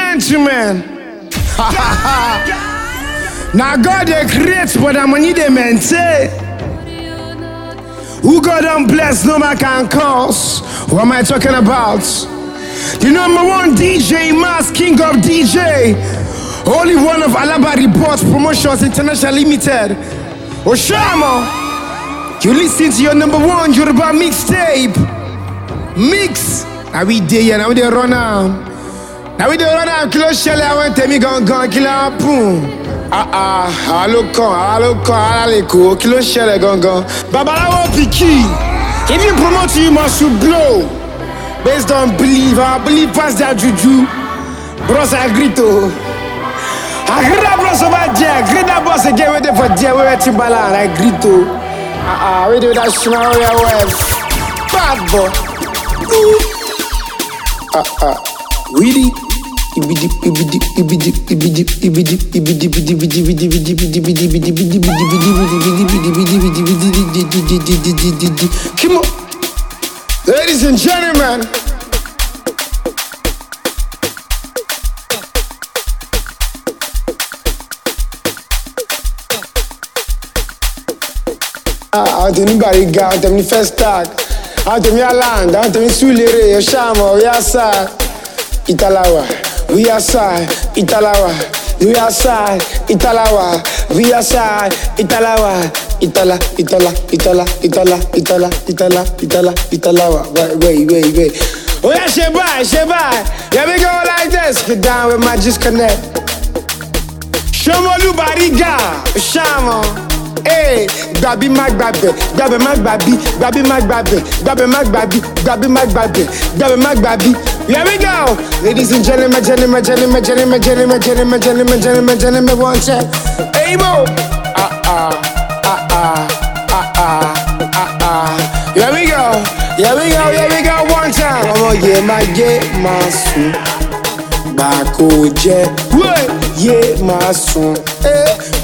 gentlemen. now God they create, but I'm a man say. Who God don't bless, no man can cause. What am I talking about? The number one DJ, Mass King of DJ. Only one of Alaba Reports Promotions International Limited. Oshama, you listen to your number one Yoruba mixtape. Mix. Are we there? Are we there right now? Now we don't run out close shell, and when tell me gun gun kill a boom. Ah ah, alokan, shell alaleko, shell ló gun. ṣẹlẹ̀ won't be piki if you promote you must you blow. Based ah, ah, on belief, I believe pass juju. Bros grito. grito A bros over there, agree again with dey for wey at timbala I grito Ah ah, we do that smile wey are Bad boy. Ah ah, did. Come on, ladies and gentlemen. I àwọn tèmi Bariga àwọn tèmi first tag I àwọn tèmi aland àwọn tèmi sulere ọṣàmọ ọyásá ìtàláwà. We outside, Italawa. We outside, Italawa. We outside, Italawa. Itala, Itala, Itala, Itala, Itala, Itala, Itala, Italawa. Wait, wait, wait, wait. Oh yeah, shit bye, shit bye. Let me go like this. Get down with my disconnect. Shomo Lubariga, Shamo. Hey, eh, gbàbí my gbàbẹ̀, gbàbẹ̀ my gbàbí, gbàbí my gbàbẹ̀, gbàbẹ̀ my gbàbí, gbàbí my gbàbẹ̀, gbàbẹ̀ má gbàbí. Here we go! Ladies and gentlemen, gentlemen, gentlemen, gentlemen, gentlemen, gentlemen, gentlemen, gentlemen, gentlemen, one check. Hey, mo! Ah, ah, ah, ah, ah, ah, ah, ah. Here we go! Here we go, here we go, one time! Ọmọ yẹ máa jẹ́ máa sùn, gbàkó jẹ́, yé máa sùn,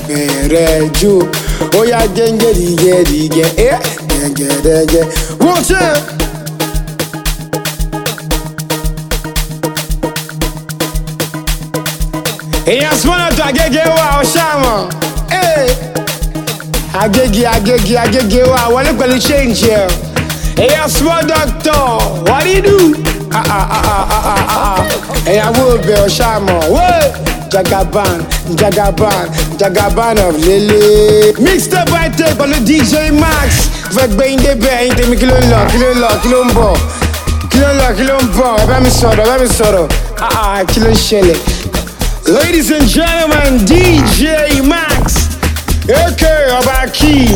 bẹ̀rẹ̀ jó. Eh, ó yá jẹ́ńjẹ́ dìgẹ́ dìgẹ́ it, dẹ́jẹ́ dẹ́jẹ́ wọ́n ṣe. èèyàn súnmọ́nà tó agége wà ó ṣàmọ̀ eh, agége agége you wà wọlé pẹ̀lú ṣéǹjì ẹ̀ èèyàn súnmọ́ dọ́kítọ̀ wọ́n rí dùn ẹ̀yàwó obìnrin ọ̀ṣàmọ̀ jagaban jagaban jagaban of lele. mixtape by tape pẹ̀lú dj max fẹ́ gbẹ̀yìn débẹ̀ ẹ̀yin tèmi kí ló ń lọ kí ló ń lọ kí ló ń bọ̀ kí ló ń lọ kí ló ń bọ̀ ẹ bá mi sọ̀rọ̀ ẹ bá mi sọ̀rọ̀ ah, ah, kí ló ń ṣẹlẹ̀. ladies and gentlemen dj max aka ọba key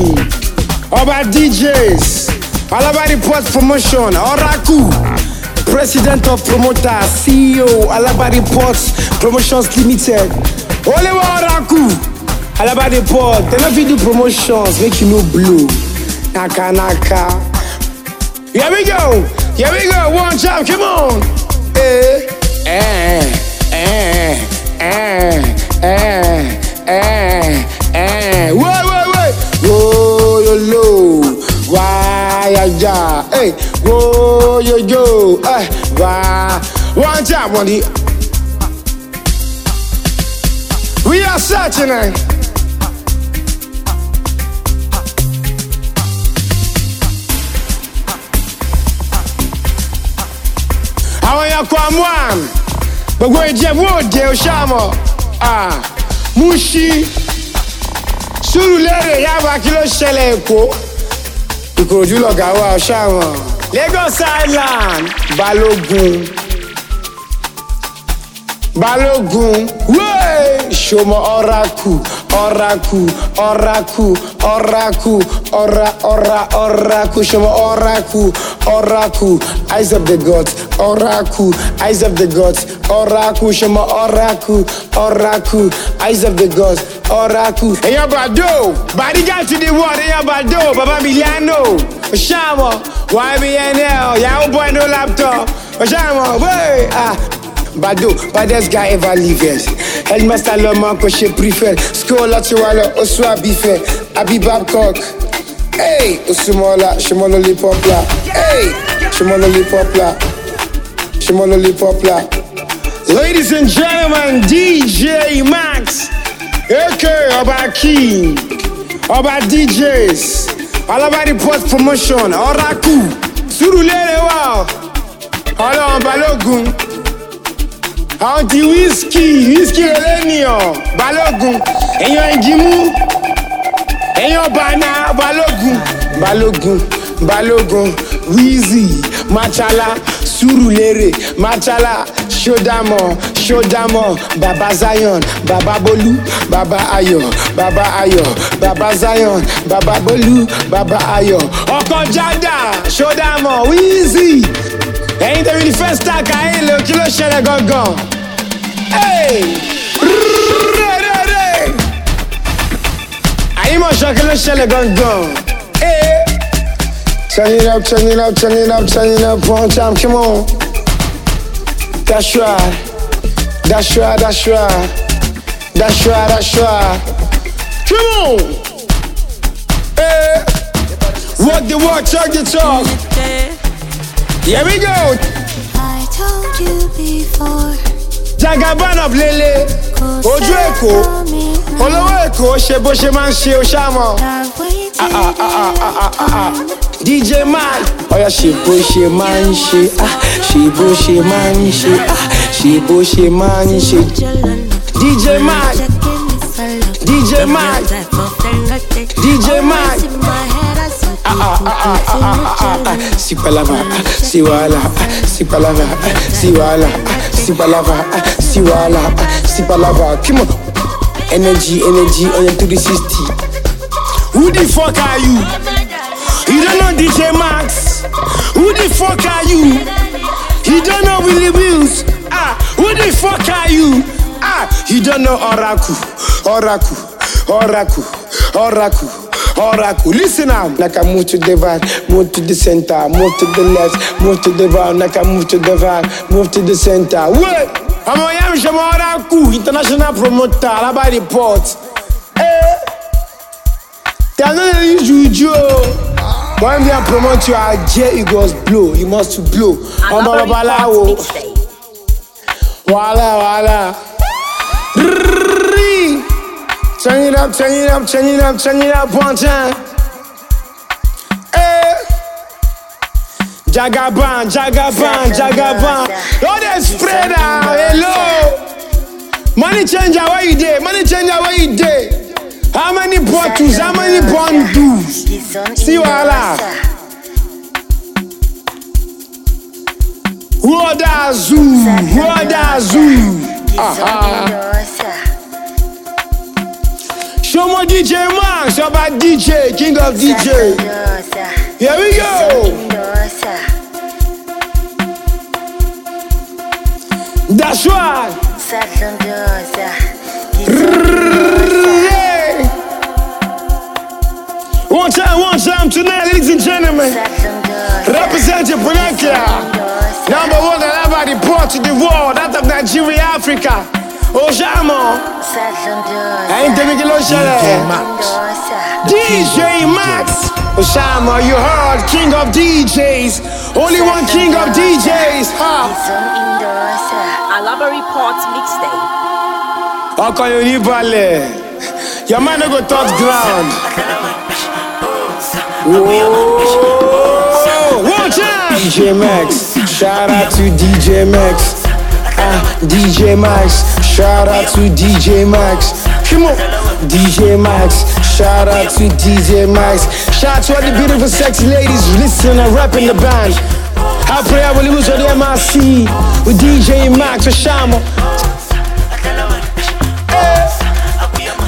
ọba djs alabari post promotion oracle. President of Promoter, CEO, Alaba Reports, Promotions Limited. Oliver Araku Alaba Report, they don't do promotions, make you know blue. Naka naka. Here we go, here we go, one job, come on. Eh, eh, eh, eh, eh, eh. eh. yo yo yo eh, ẹ wá wọn jẹ àwọn we are searching. Eh? gbogbo ìjẹ̀bú òde òṣàmọ̀ Mushi Surulere Yaba kí ló ṣẹlẹ̀ Èkó Ìkòròdú lọ̀gá wa ọ̀ṣàmọ̀. Lagos Island Balogun. Balogun, wéé ìṣòmọ ọrakù ọrakù ọrakù ọrakù ọra ọra ọrakù ìṣòmọ ọrakù ọrakù eyes of the gods ọrakù eyes of the gods ọrakù ìṣòmọ ọrakù ọrakù eyes of the gods ọrakù. èèyàn bàdó bàdíjà ti di wọ́ọ̀dù èèyàn bàdó bàbá mi yánò ṣáàmọ̀ wàá mi yẹn ní ẹ̀ ọ̀ yahoo boy no laptop ṣáàmọ̀ wéé ah. Bado, baddest guy ever living. Headmaster lọ́mọ kò ṣe prefer. School ọtí wa lọ, oṣù àbífẹ́. Àbí Babcock. Osumola, Shimolo Lipopla. Hey, Shimolo Lipopla. Shimolo Ladies and gentlemen, DJ Max, aka Ọba King, Ọba DJs, Alaba Report Promotion, Oracle, Surulere wa, Ọlọ́run Balógun àwọn ti wíṣkì wíṣkì eléníyàn balógun èèyàn ìjìmú èèyàn bana balógun balógun balógun wíìzì machala surulere machala sódàmọ sódàmọ baba zion baba bolu baba ayọ baba ayọ baba zion baba bolu baba ayọ ọkọ jada sódàmọ wíìzì ẹ̀yin tẹ̀mí ní fẹ́sítà káyìn lò kí ló ṣẹlẹ̀ gangan. Hey! Re, re, re! Ayi ma sọ kí ló ṣẹlẹ̀ gangan? Ee! Turn it up, turn it up, turn it up, turn it up one time, come on. That's right, that's right, that's right, that's right, that's right. Come on! Hey! Eh! Walk the walk, talk the talk. Here we go! I told you before. jagaban of lele ojú èkó olówó èkó ṣe bó ṣe máa ń ṣe o ṣáàmọ. DJ Mike ọ̀yà ṣe bó ṣe máa ń ṣe ṣe bó ṣe máa ń ṣe ṣe bó ṣe máa ń ṣe. DJ Mike DJ Mike DJ Mike si palava, si wala, si palava, si wala. Si palava, ah, si wàhálà, ah, si palava. Come on. Energy, energy on your 360. Who the fuck are you? You don't know DJ Max. Who the fuck are you? You don't know Willie Wills. Ah, who the fuck are you? Ah, you don't know Oracle, Oracle, Oracle, Oracle. Oracle, listen up. Like I move to the back, move to the center, move to the left, move to the right. Like I move to the back, move to the center. Wait! I'm a Yamsham Oracle, international promoter, Alaba Report. Hey! Eh? They are not use juju. When they promote you, I jail, you must blow. You must blow. I'm a Babalawo. Wala, wala. Turn it up, turn it up, turn it up, turn it up one time. Hey. Eh. Jagaban, Jagaban, Jagaban. Don't they spray now? Hello. Money changer, what you day? Money changer, what you day? How many bottles? How many bundles? See you Allah. Who are that zoo? Who are that zoo? Ah, ah. Show my DJ Max, show my DJ, King of DJ. Here we go. That's right. One time, one time tonight, ladies and gentlemen. Represent your Punakia, number one that everybody brought to the world out of Nigeria, Africa. Ojamo. Ain't the Miguel DJ Max. DJ Max. Ojamo, you heard, king of DJs. Only one king of DJs. Ha. Alaba reports mix day. Ọkọ yóò ní balẹ̀, your man no go touch ground. Oh, watch DJ Max, shout out to DJ Max. DJ Max, shout out to DJ Max. Come on, DJ Max, shout out to DJ Max. Shout out to all the beautiful, sexy ladies listening and rapping the band. I pray I will lose all the MIC with DJ Max Shamo.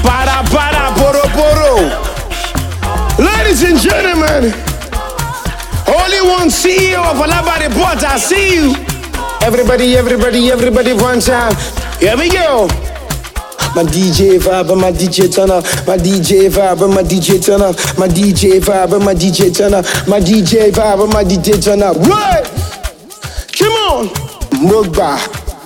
Para, para, poro, poro. Ladies and gentlemen, only one CEO of Alabari Port, I see you. Everybody, everybody, everybody, one time. Here we go. My DJ vibe and my DJ turn up. My DJ vibe and my DJ turn up. My DJ vibe and my DJ turn up. My DJ vibe and my DJ turn up. What? Come on. Mogba.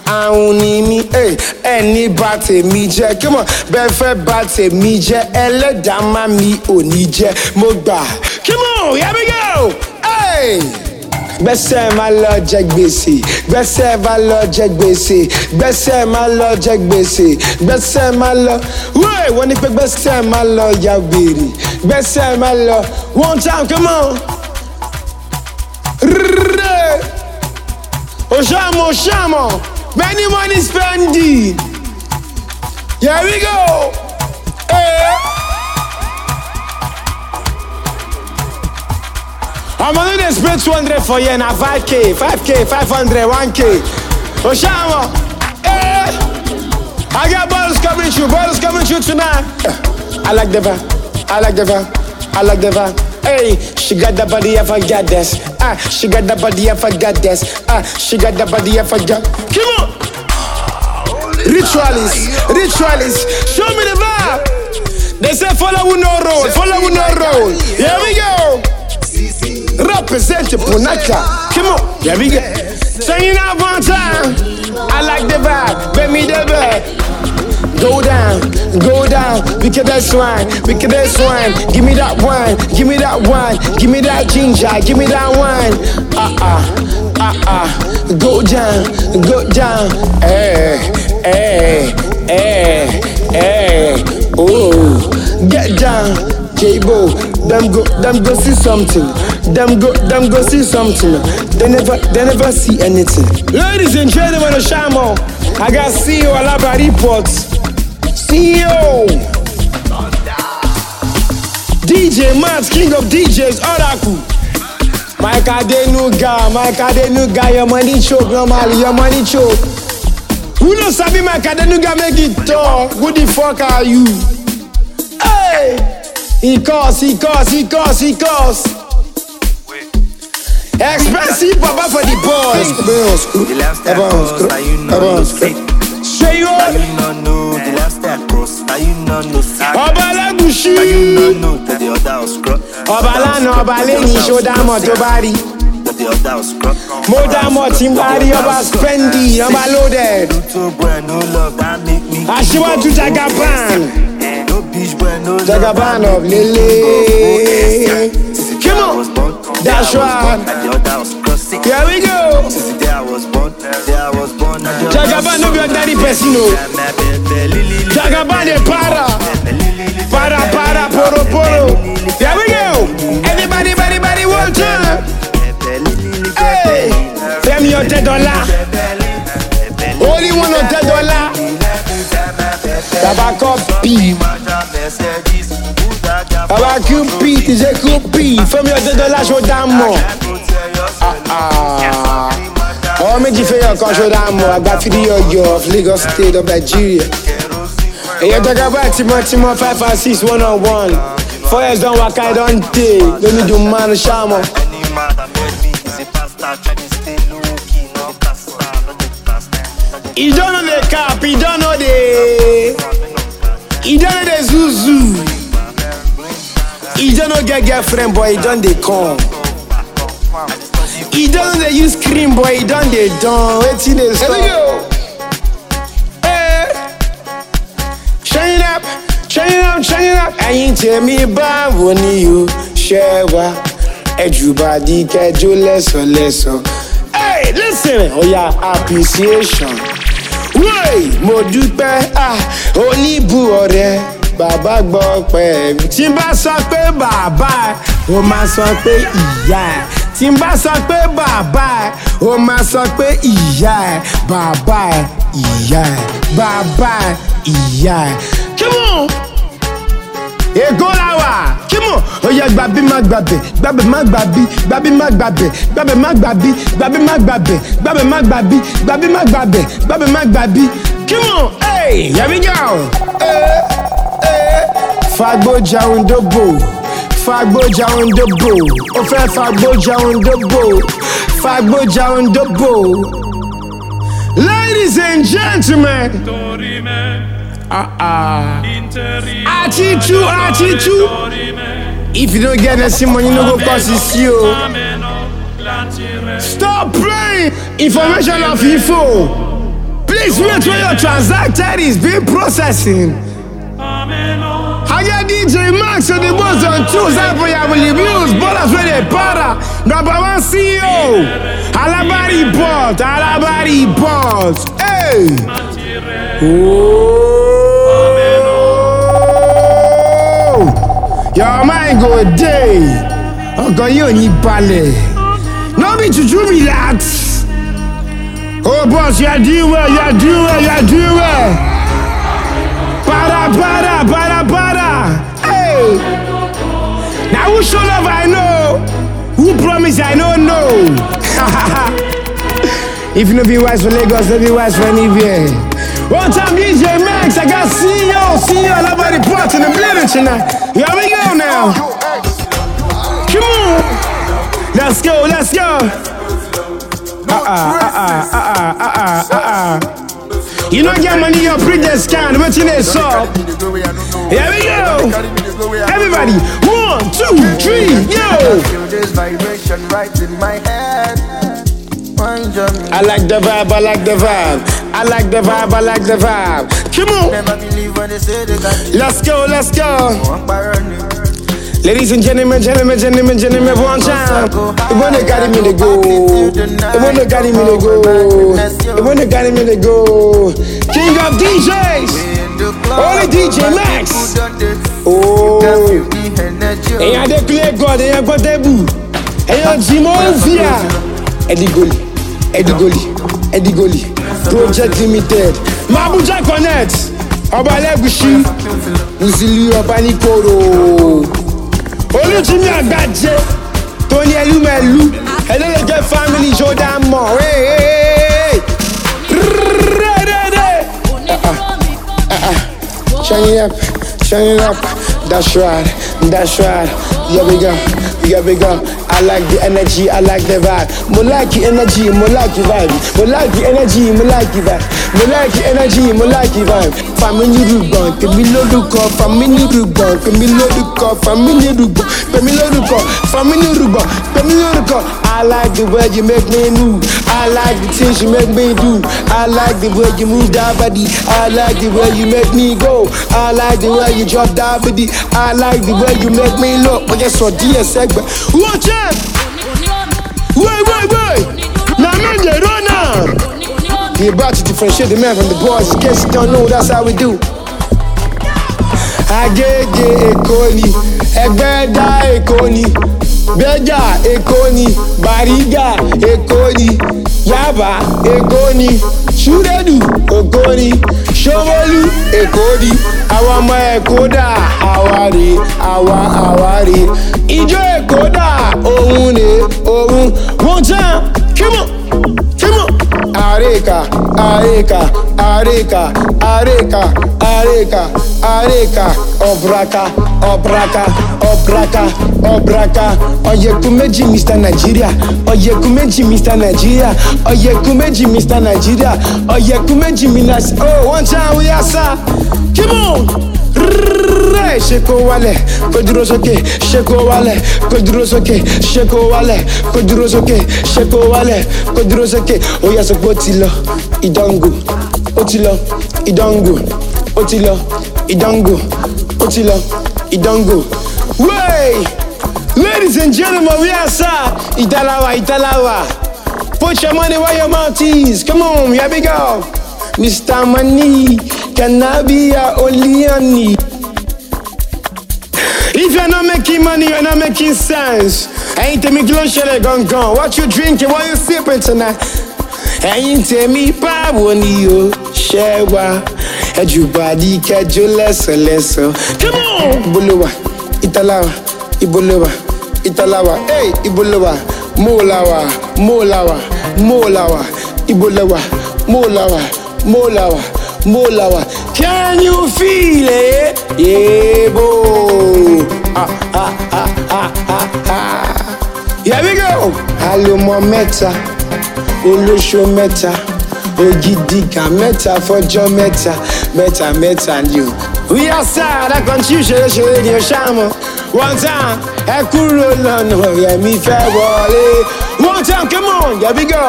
I ni mi eh, ẹni bá tèmi jẹ́ kí mọ̀ bẹ́ẹ̀ fẹ́ bá tèmi jẹ́ ẹlẹ́dàá má mi oni ní jẹ́ Come on. Here we go. Hey! gbẹ́sẹ̀ má lọ jẹ gbèsè gbẹ́sẹ̀ má lọ jẹ gbèsè gbẹ́sẹ̀ má lọ jẹ gbèsè gbẹ́sẹ̀ má lọ wéè wọ́n ní pé gbẹ́sẹ̀ má lọ ya wèrè gbẹ́sẹ̀ má lọ one time come on. Oshamo, many money spending. Here we go. just 200 for you na 5k 5k 500 1k Oshama, eh i got bottles coming to you bottles coming to you tonight i like the vibe i like the vibe i like the vibe Hey, she got the body of a goddess. Ah, she got the body of a goddess. Ah, she got the body of a goddess. Come on! Ritualist, ritualist, show me the vibe. They say follow no road, follow no road. Here we go representing Punaka. Come on, there we go. Singing out one time. I like the vibe, bring me the vibe. Go down, go down, because that wine, because that wine. Give me that wine, give me that wine, give me that ginger, give me that wine. Uh uh, uh uh, go down, go down. eh eh eh eh. oh, get down, J-Bo. Them go, them go see something. Them go, them go see something. They never, they never see anything. Ladies and gentlemen of Shamo, I got CEO Alaba reports. CEO. DJ Mats, king of DJs, Oracle. Mike Adenuga, Mike Adenuga, your money choke normally, your money choke. Who knows Sabi Mike Adenuga make it tall? Who the fuck are you? Hey! Icos, Icos, Icos, Icos. Expensive papa for the boys. The step cost, now you know no fake. Ṣé yóò? Now you no know the lifestyle cost, now you no know sack. Ọba Alágùnṣí. Now you no know that the other was crop. Ọba lánàá, ọba lẹ́yìn, ṣó dámọ̀ tó bá rí. Mo dámọ̀ tí n bá rí ọba spendy, ọba loaded. Aṣíwájú Jagaban. Jagaban of Lily. Come on, that's right. Here we go. Jagaban no be ordinary person o. Jagaban dey para, para para poro poro. Here we go. Everybody, body, body, one time. Hey, fẹ́ mi ọ̀tẹ̀ dọ́là. Only one ọ̀tẹ̀ dọ́là. Tabakọ pii compete, je copie. Fais-moi deux dollars, je d'amour. Ah ah. Oh, méjì fẹ́yàn kan ṣó dámọ̀ àgbàfídí ọyọ of Lagos state of Nigeria. Èyàn jẹ́gẹ́ báyìí tímọ́tímọ́ five and six one on oh, one. Four years don waka I don dey, no need to man ṣáàmọ̀. Ìjọ́nù lè kàp, ìjọ́nù dey, ìjọ́nù dey zuzu e don no get girlfriend but e don dey come e don dey use cream but e don dey done wetin dey sup. ṣẹ́yìn eh? up ṣẹ́yìn up ṣẹ́yìn up. ẹ̀yin tèmi báwo ni o ṣe wá ẹ̀jú bá di kẹjú lẹ́sọ̀lẹ́sọ̀. Hey, listen, oh yeah, appreciation. Wey, mo dupe? ah, oníbu ọ̀rẹ́ bàbá gbọ́ pẹ̀ mí. tí n bá sọ pé bàbá ó máa sọ pé ìyá ẹ̀ tí n bá sọ pé bàbá ẹ̀ ó máa sọ pé ìyá ẹ̀ bàbá ẹ̀ ìyá ẹ̀ bàbá ẹ̀ ìyá ẹ̀. come on ègó la wà kímọ̀ oyè gbàbí má gbàbẹ̀ gbàbẹ̀ má gbàbí gbàbí má gbàbẹ̀ gbàbẹ̀ má gbàbí gbàbí má gbàbẹ̀ gbàbẹ̀ má gbàbí gbàbí má gbàbẹ̀ gbàbẹ̀ má gbàbí kímọ̀ ẹ̀ẹ́d yẹ̀mí yà ọ́ Fagbo jàun dóbò. Fagbo jàun dóbò. Ó fẹ́ fagbo jàun dóbò. Fagbo jàun dóbò. Ladies and gentlemen. Ah ah. Atitu, atitu. If you don't get that money, no go pass this Stop playing. Information of info. Please wait when your transaction is being processing. Higher DJ Max on the ones on choose Apple Yabuli Blues, Ballers with a para, number one CEO, Alabari Balls, Alabari Balls, hey! Oh! Your mind go day, ọkọ yóò ní balẹ̀, no be juju relax. Oh boss, you're doing well, You're doing well, You're doing well. para, para, para. Hey. Now who show love I know? Who promise I don't know? if you no be wise for Lagos, no be wise for anywhere. One time DJ Max, I got CEO, CEO, nobody parts in the building tonight. Here we go now. Come on. Let's go, let's go. Uh-uh, uh-uh, uh-uh, uh-uh, uh-uh. You know, get money, your pretty scan. What's in this up? Here we go. Everybody, one, two, three, yo. I like the vibe, I like the vibe. I like the vibe, I like the vibe. Come on. Let's go, let's go. Oh, Ladies and gentlemen, gentlemen, gentlemen, gentlemen, one time. It wanna carry me to go. It wanna carry me to go. It wanna carry me to go. King of DJs. Only DJ Max. Oh. Èyàn dé clear God, èyàn gbọ́ tẹ́bù. Èyàn Jimo Via. Ẹ̀dìgolì, Ẹ̀dìgolì, Ẹ̀dìgolì. Project limited. Mabuja connect. Ọba Ẹlẹ́gùṣí. Ìsìlú ọba olùtúmí àgbàjẹ tó ní ẹlúmẹlú ẹlẹ́lẹ́jẹ́ family ṣó mọ̀ ah, ah. Shine it up, shine it up, that's right, that's right, here we go, here we go. I like the energy, I like the vibe. More like the energy, more like the vibe. More like the energy, more like the vibe mo láìkí energy mo láìkí vibe fami nírúgbọ̀n tèmi lórúkọ fami nírúgbọ̀n tèmi lórúkọ fami nírúgbọ̀n tèmi lórúkọ fami nírúgbọ̀n tèmi lórúkọ. I like the way you make me move. I like the things you make me do. I like the way you move that body. I like the way you make me go. I like the way you drop that body. I like the way you make me look. But yes, or DS, Watch it! Wait, wait, wait! They about to differentiate the man from the boys. Guess you don't know, that's how we do. Agége ekoni, ni, ekoni, Èkó ekoni, bariga ekoni, Yaba ekoni, ni, ekoni, shovolu ekoni. Ṣómólú Èkó ni, àwa ọmọ Èkó dà, àwa rè, àwa àwa one time, come on areca, areca, areca, areca, areca, areca, obraka, obraka, obraka, obraka, oyekumeji Mr. Nigeria, Oye oyekumeji Mr. Nigeria, Oye oyekumeji Mr. Nigeria, Oye oyekumeji Minas. Oh, one time we are, sir. Come on rẹ̀ ṣe kó wálẹ̀ kó dúró sókè ṣe kó wálẹ̀ kó wale, sókè ṣe kó wálẹ̀ kó dúró sókè ṣe kó wálẹ̀ kó ti lọ ìdángo ó ti lọ ìdángo ó ti lọ ìdángo ó ti lọ ìdángo wéè ladies and gentlemen we are sa, italawa, italawa. put your money where your mouth is come on here we go mr money. Cannabia Oliani. If you're not making money, you're not making sense. Ẹ̀yin tèmi kí ló ń ṣẹlẹ̀ gangan? What you drinking, what you sipping tonight? Ẹ̀yin tèmi báwo ni o ṣẹ́ wa? Ẹ̀jú bàdí kẹjọ lẹ́sọ̀lẹ́sọ̀. Come on! Ibolowa, Italawa, Ibolowa, Italawa, hey, Ibolowa, Molawa, Molawa, Molawa, Ibolowa, Molawa, Molawa. Mbulawa. Can you feel it? Yebo. Ah, ah, ah, ah, ah, ah. Here we go. Àlòmọ̀ mẹ́ta, olóṣó mẹ́ta, ògidìgà mẹ́ta fọjọ́ mẹ́ta, mẹ́ta mẹ́ta ni o. We are sad, I continue ṣeré ṣeré ni o ṣáàmọ̀. One time, ẹ kúrò lọ́nà ọ̀rẹ́ mi fẹ́ wọlé. One time, come on, here we go,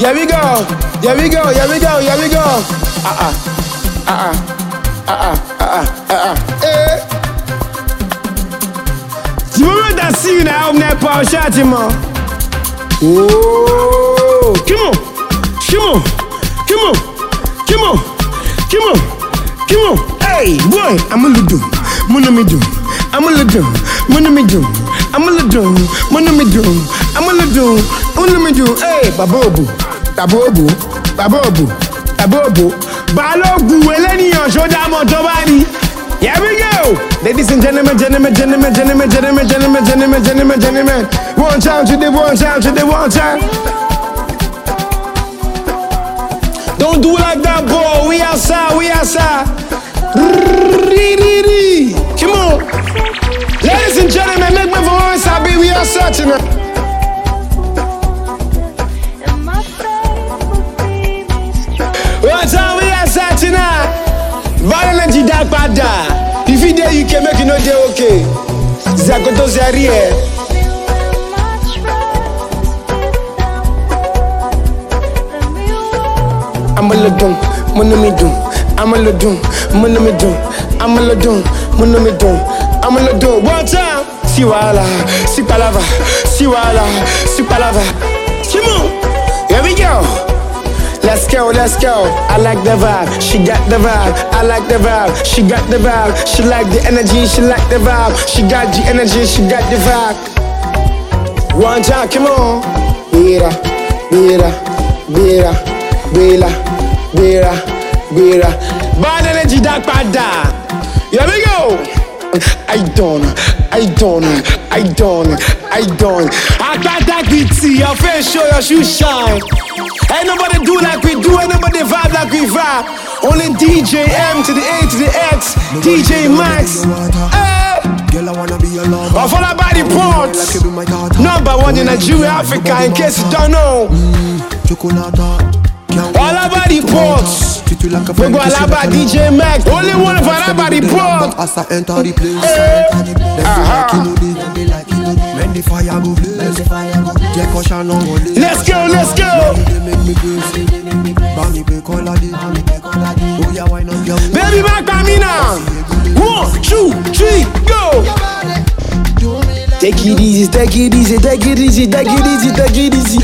here we go, here we go, here we go, here we go. Ah, ah ah ah ah ah ah ah. Eh. Jimmy da see na how na pa shati mo. Oh, kimo, kimo, kimo, kimo, kimo, kimo. Hey boy, I'm a little, mono me do, I'm a little, mono me do, I'm a little, mono me do, I'm a little, mono me do. Hey, babobu, babobu, babobu, babobu. balógun eléníyàn ṣọ́jà mọ̀jọba ni. Here we go! Ladies and gentlemen, gentlemen, gentlemen, gentlemen, gentlemen, gentlemen, gentlemen, gentlemen, gentlemen. One time to the one time to the one time. Don't do like that, boy. We outside, we outside. Come on. Ladies and gentlemen, make my voice happy. We are searching. Violent you die pada. If you there, you can make you know day okay. Zagoto Zarie. I'm a ladum, munumidum. I'm a ladum, munumidum. I'm a ladum, munumidum. I'm a ladum. One time. Si wala, see, palava, si wala, si palava. Let's go, let's go. I like the vibe, she got the vibe. I like the vibe, she got the vibe. She like the energy, she like the vibe. She got the energy, she got the vibe. One time, come on. Bira, bira, bira, bira, bira, bira. Bad energy, dark pada. Here we go. I don't, I don't, I don't, I don't. I got that beat, see your face show, your shoes shine. Ain't nobody do like we do, ain't nobody vibe like we vibe. Only DJ M to the A to the X, nobody DJ Max. Hey. Eh. Girl, I wanna be your lover. Or followed by the ports. Number one in Nigeria, Africa, in case you don't know. Mm. All about the ports. We go all about DJ Max. Only one for all about the ports. As I enter the place, eh. I enter the place. When the fire go blaze, caution on Let's go, let's go. They make me crazy. be Oh yeah, why not Baby, back by me now. One, two, three, go. Take it easy, take it easy, take it easy, take it easy, take it easy.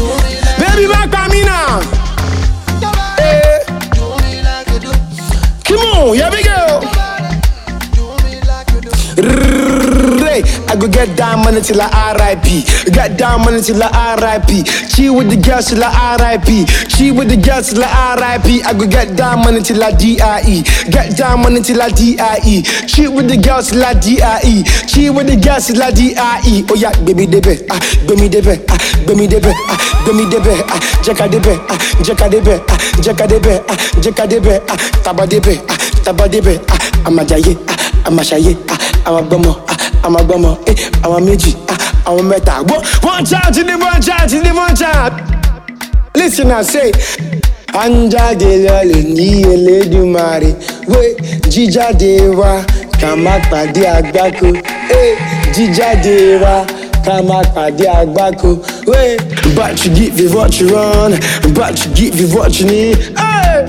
Baby, back by me now. Come on, here we go. Hey, I go get down money till I RIP. Get down money till I RIP. She with the girls till I RIP. She with the girls till I RIP. I go get down money till I DIE. Get down money till I DIE. She with the girls till I DIE. She with the girls till I DIE. Oh yeah, baby debe, ah, baby debe, ah, baby debe, ah, baby debe, ah, jaka debe, ah, jaka debe, ah, jaka debe, ah, jaka debe, ah, taba debe, ah, taba debe, ah, amajaye, ah, amashaye, ah, amabomo, ah. àwọn agbọ́mọ eh, àwọn méjì ah, àwọn mẹ́ta gbọ́ one child ní one child ní one child. listen na say à ń jáde lọlẹ̀ ní Elédùmarè wé jíjáde wa ká má pàdé àgbákò jíjáde wa ká má pàdé àgbákò wé. but you give me what you want but you give me what you need. Hey!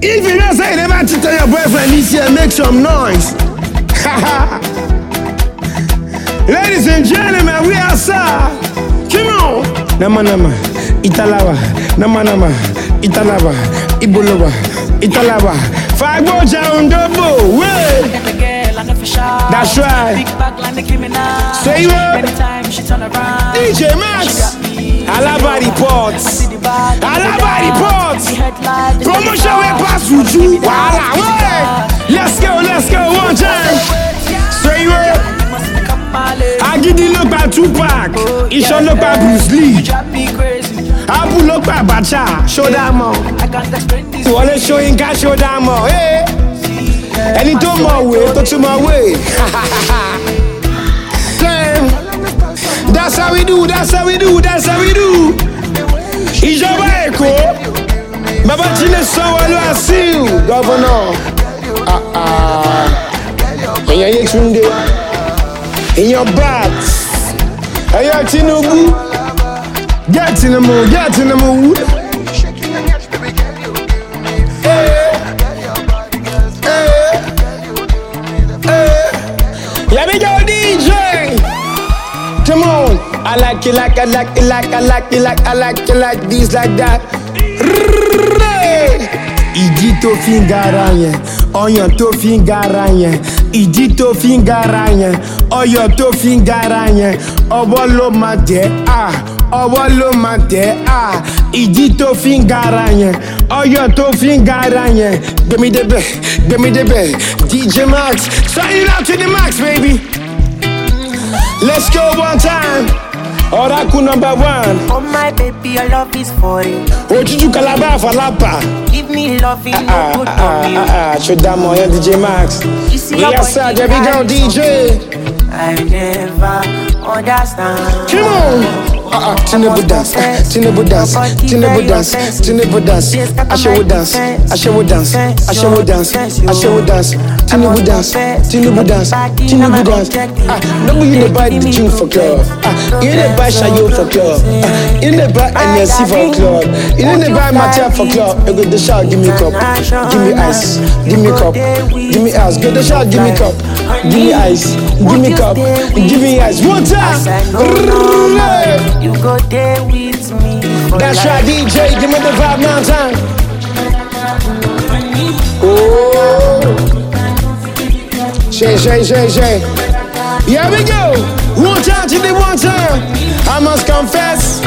If you know say you never cheat on your boyfriend this year, make some noise. Ladies and gentlemen, we are sir. Come on. Nama nama, italawa. nama nama, italawa. Ibolova, Italava. Fagbo Jaundobo, wait. That's right. Say what? Anytime she turn around. DJ Max. Alaba reports. Alaba reports. Promotion way pass with you. Wahala. Let's go, let's go. One time. Iwe. Agídí ló pa Tupac, Iṣan ló pa Bruce Lee. Abu ló pa Abacha, Ṣódámọ̀. Wọlé Ṣóyínká Ṣódámọ̀. Eh. Ẹni tó mọ̀ wé tó tún mọ̀ wé. That's how we do, that's how we do, that's how we do. Ìjọba Èkó, Babájídé Sanwó-Olú Asiu, gọ́vọ́nà èèyàn Yétúndé èèyàn bat èèyàn Tinubu gẹ́ẹ̀tì ni mo gẹ́ẹ̀tì ni mo wú. Come on, I like it like I like it like I like it like I like it like this like that. Ìdí tó fi ń gara yẹn, ọyàn tó ìdí tó fi ń gara yẹn ọyọ tó fi ń gara yẹn ọwọ́ ló máa tẹ̀ á ọwọ́ ló máa tẹ̀ á ìdí tó fi ń gara yẹn ọyọ tó fi ń gara yẹn gbẹmídébẹ̀ gbẹmídébẹ̀ DJ Max turn it up to the max baby let's go one time. Oracle number one. Oh my baby, your love is for you. Ojuju Calabar Falapa. Give me love in ah, no good ah, ah, ah, ah. Chodamo and DJ Max. Yes, sir, there we go, DJ. I never understand. Come on. Uh-uh, she never dance, she uh, never dance, she never dance, she never dance. I shall dance, I shall dance, I shall dance, I shall dance, she never dance, she never dance, she never dance. Ah, no, you never buy the tune for club. Ah, you dey buy Shayo for club. Ah, you dey buy NSC for club. You dey buy Matia for club. You go the shout, give me cup, give me ice, give me cup, give me ice. Go the shout, give me cup, give me ice, give me cup, give me ice. One time. You go there with me. That's right, DJ. Give me the vibe now, time. Oh. Shay, shay, shay, shay. Here we go. One time to the one time. I must confess.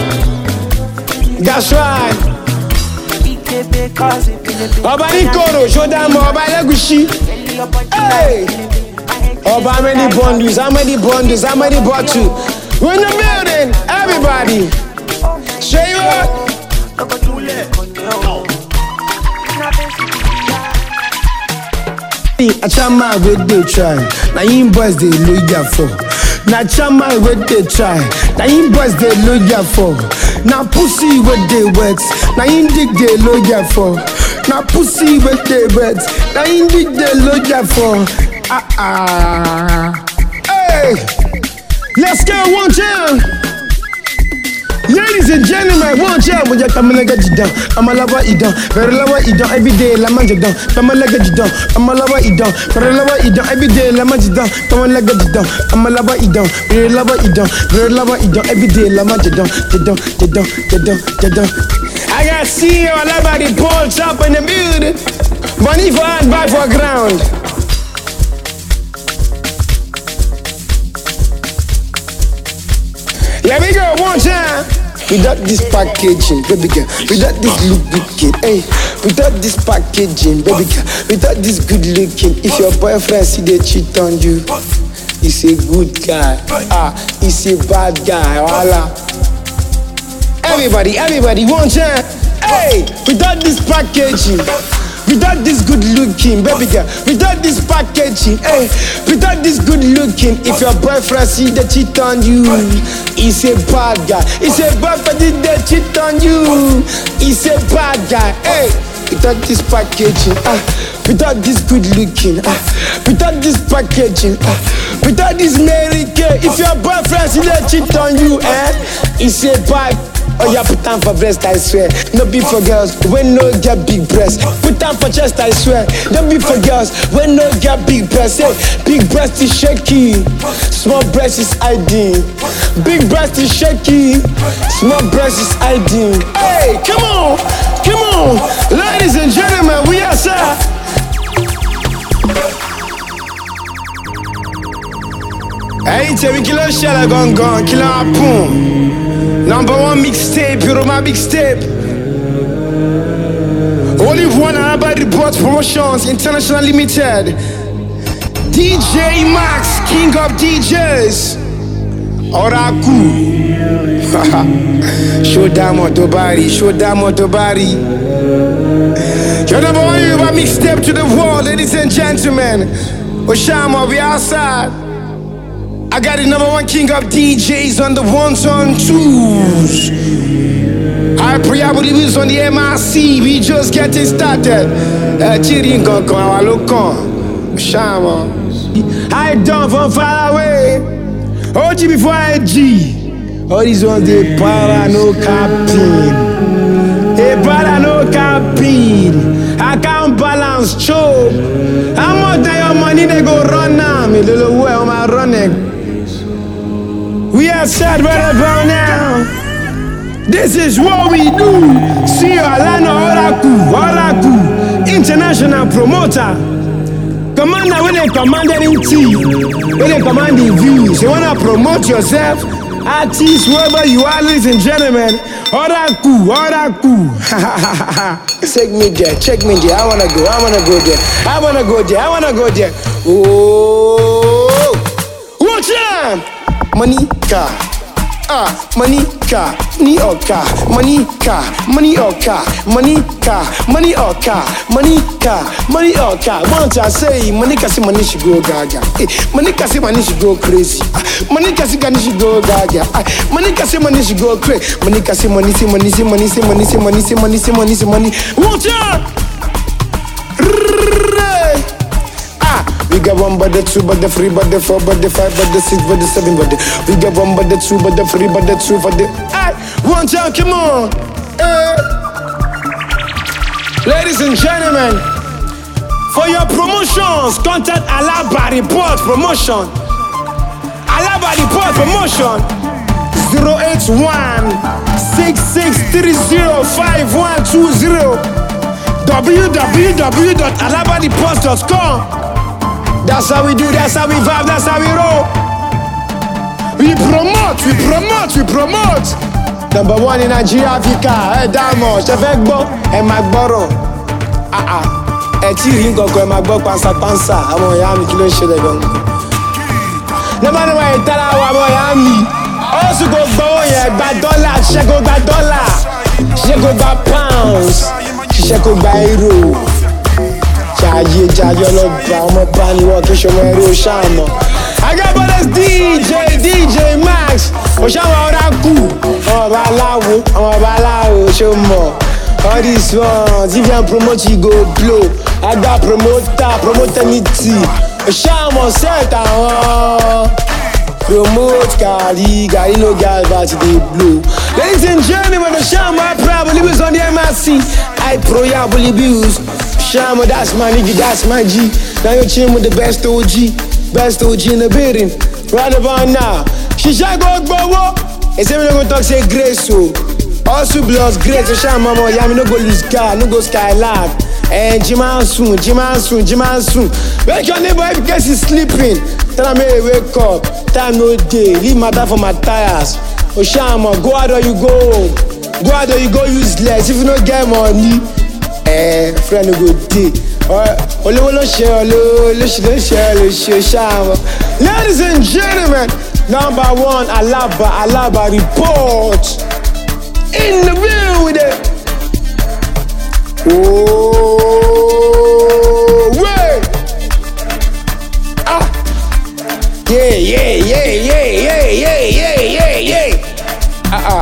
That's right. ọba níkoro sódàmù ọba ẹlẹgùsì ọba mẹni bọndùs amẹni bọndùs amẹni bọtù. We're in the building, everybody. Shave up. A chama with they try. Now in boys they look for. Now my way they try. Now in boys they look for. Now pussy what they works. Now in dick they look for. Now pussy what they works. Now in dick they look for. Ah ah. Hey. Let's go, one jam. Ladies and gentlemen, one jam. When you come and get you down, I'm a lover, you down. Very lover, you down. Every day, I'm a down. Come and get you down. I'm a lover, you down. Very lover, you down. Every day, I'm a down. Come and get you down. I'm a lover, you down. Very lover, you down. Very lover, you down. Every day, I'm a down. Get down, get down, I got CEO all over the pole, top in the building. Money for hand, buy for ground. There we go, one time. Without this packaging, baby girl. Without this look good kid, hey. Without this packaging, baby girl. Without this good looking, if your boyfriend see they cheat on you, he's a good guy. Ah, he's a bad guy. Voila. Everybody, everybody, one time. Hey, without this packaging without this good looking baby girl, without this packaging, hey, eh, without this good looking, if your boyfriend see the cheat on you, he's a bad guy. He's a bad did the cheat on you, he's a bad guy, hey. Eh. Without this packaging, ah, uh, without this good looking, ah, uh, without this packaging, ah, uh, without this Mary Kay. If your boyfriend see the cheat on you, eh, he's a bad Oh yeah, put time for breast, I swear. No be for girls when no get big breast. Put time for chest, I swear. No be for girls when no get big breast. Hey, big breast is shaky, small breast is ID. Big breast is shaky, small breast is ID. Hey, come on, come on, ladies and gentlemen, we are sir. Ẹ̀yin tèmi kí ló ń ṣẹlẹ̀ gangan kí ló ń pùn number one mixtape my mixtape only one Araba report promotions international limited DJ Max king of DJs ọ̀rá show ṣó dámọ̀ tó bá rí ṣó dámọ̀ tó bá You Your number one Yoruba mixtape to the world, ladies and gentlemen. Oshama, we outside. I got the number one king of DJs on the ones on twos. I pray I believe it's on the MIC. We just getting started. Cheating uh, gon' come, I look on. Shaman. I done from far away. OG oh, before I G. All these ones they para no capin. They para no capin. I can't balance choke. How much that your money they go run now? Me little way am my running. We outside right about now. This is what we do. See Alana Oraku, Oraku, international promoter. Commander when they commanded in T, when they command in views. you wanna promote yourself, artist, whoever you are, ladies and gentlemen. Oraku, Oraku. Check me there, check me there. I wanna go, I wanna go there. I wanna go there, I wanna go there. Oh, watch out! Monica. Ah, Monica, Nioka, Monica, Monica, Monica, Monica, Monica, Monica. Once I say Monica see money should go gaga. Eh, Monica see money should go crazy. Ah, Monica see money should go gaga. Ah, Monica see money should go crazy. Monica see money see money see money see money see money see money see money see money. Watch out! We got one the two but the three but the four but the five but the six but the seven but the. We got one the two but the three but the two the. Hey, one time, come on. Hey. Ladies and gentlemen, for your promotions, contact Alaba Report Promotion. Alaba Report Promotion. 081-6630-5120 www.alabadepost.com That's how we do, that's how we vibe, that's how we roll. We promote, we promote, we promote. Number one in Nigeria, Africa. Eh, ẹ dá mọ̀, ṣe fẹ́ gbọ́, Ah máa gbọ́rọ̀. Ah, ah. Ẹ tí rí nkankan, ẹ máa gbọ́ panṣapanṣa. Àwọn ìyá mi kí ló ń ṣẹlẹ̀ gan-an. Nọ́mbà nọ́mbà yẹn tẹ́lá wa, àwọn ìyá mi. Oṣù kò gbowó yẹn gba dọ́là, ṣiṣẹ́ kò gba dọ́là, ṣiṣẹ́ kò gba pounds, ṣiṣẹ́ kò gba euro jayé jayé ọlọ́ba ọmọ bá kí ṣọmọ eré o ṣàmọ́. dj dj max òṣàwọn ọ̀rá kù àwọn ọba aláwo àwọn ọba aláwo ṣó mọ̀ all this one, if you promote you go blow agba promoter promoter me tea òṣàmọ̀ set àwọn promote gari gari no gas but dey blow. ladies and gentlemen òṣàmọ̀ apra abolibi is on the mrc i pro ya abolibi Shama, that's my nigga, that's my G. Now you're chilling with the best OG, best OG in the building. Right about now, she shall go grow And say we not gonna talk say grace so. Also blows grace, so Shama, mama, yeah, me no go lose car, no go skylark. And eh, Jim soon, Jim soon, Jim soon. Wake your neighbor if you he's sleeping. Tell him, hey, wake up. Time no day, leave matter for my tires. Oshama, oh, go out or you go Go out or you go useless if you don't get money. ẹ eh, fúlàní go dé olówó ló ṣe olówó olóṣù ló ladies and gentlemen number one alaba alaba report in the building. Oh, wait. Ah. Yeah, yeah, yeah, yeah.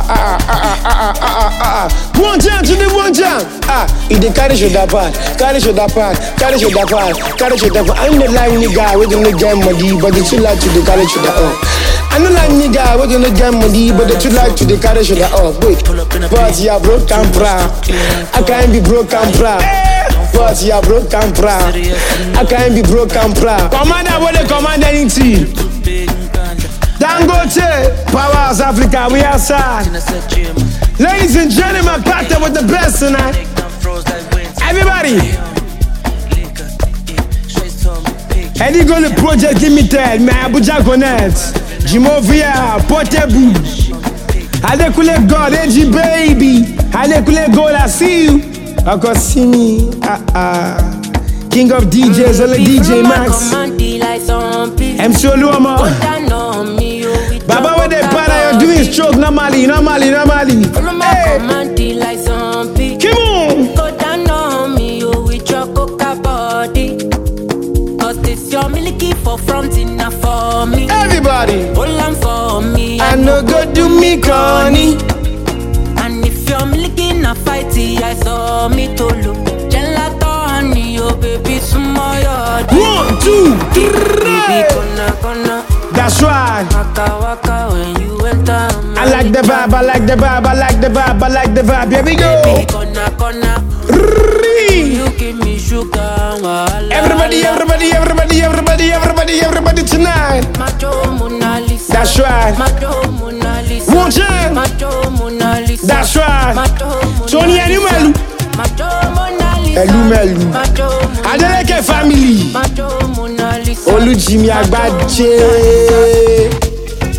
ah ah ah ah ah ah. One jam to the one jam. Ah, he dey carry shoulder pad, carry shoulder pad, carry shoulder pad, carry shoulder pad. I'm the like nigga wey dey no get money, but dey too like to dey carry shoulder up. I no like nigga wey dey no get money, but dey too like to dey carry shoulder up. Wait, but you are broke and proud. I can't be broke and proud. But you are broke proud. I can't be broken, and proud. Commander wey dey command anything. Dangote, Powers Africa, we outside. Ladies and gentlemen, Pata with the best tonight. Everybody. you gonna project give me tell, man, Abuja Connect, Jimovia, Portable, Adekule God, AG Baby, Adekule God, I see you, Akosini, ah ah. King of DJs, only DJ Max. MC Oluoma. Baba, when they para, you're doing stroke normally, normally, normally. Hey. Come on. Go down on me, you with your coca body. Cause this your milky for front enough for me. Everybody. Hold on for me. I no go do me corny. And if you're milky na fighty, I saw me to look. Gelato honey, oh baby, small your One, two, three. Baby, gonna, gonna. That's right. Waka waka when you enter. I like the vibe, I like the vibe, I like the vibe, I like the vibe. Here we go. corner, corner. You give me sugar, everybody, everybody, everybody, everybody, everybody, everybody tonight. Macho Mona Lisa. That's right. Macho Mona Lisa. One time. Macho Mona Lisa. That's right. Macho Mona Lisa. Tony Animal. Macho Mona ẹlúmẹ̀lú Adeleke family Olújìmí Agbájé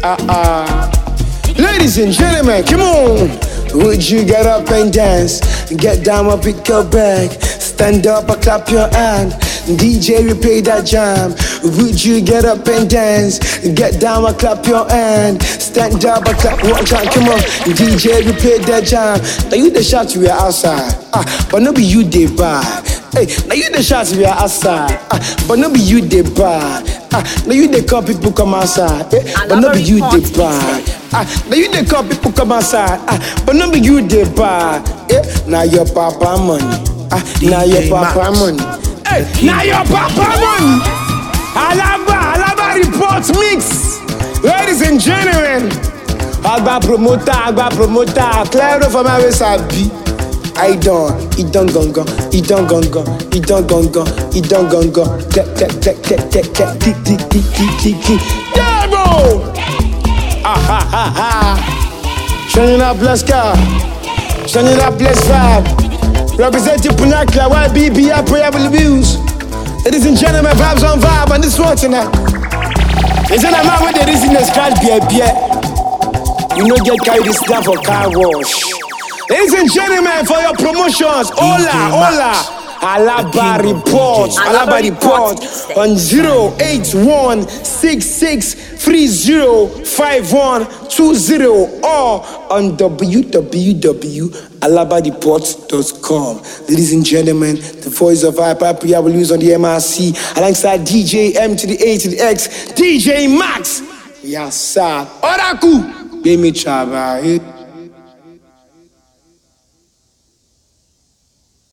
ah, ah. ladies and gentlemen come on would you get up and dance get down and pick your bag. Stand up or clap your hand. DJ, we play that jam. Would you get up and dance? Get down or clap your hand. Stand up or clap one time. Come on, DJ, we play that jam. Now you the shots we are outside. Ah, but no be you the buy. Hey, now you the shots we are outside. Ah, but no be you the buy. Ah, now you the call people come outside. Eh? But no be you the buy. Ah, now you the call people come outside. Ah, but no be you the buy. Eh? Now your papa money. Ah, now your papa mon. Hey, now your papa mon Alaba, Alaba report mix. Ladies and gentlemen. Agba promoter, Agba promoter. Claire for my way, Sabi. I don't, it don't gong gong, it don't gong gong, it don't gong gong, it don't gong gong. Ah ha ha ha! Turn it up, Representing Punakla, YBB, I pray I will abuse. Ladies and gentlemen, vibes on vibe, and this one tonight. Is that a man with the reason they scratch beer beer? You know, get carried this down for car wash. Ladies and gentlemen, for your promotions, hola, hola. Alaba Report. Alaba Report on 08166305120 or on www.alabareport.com. Ladies and gentlemen, the voice of Ipapia will use on the MRC alongside DJ M to the A to the X, DJ Max. Yes, sir. Oraku! Give me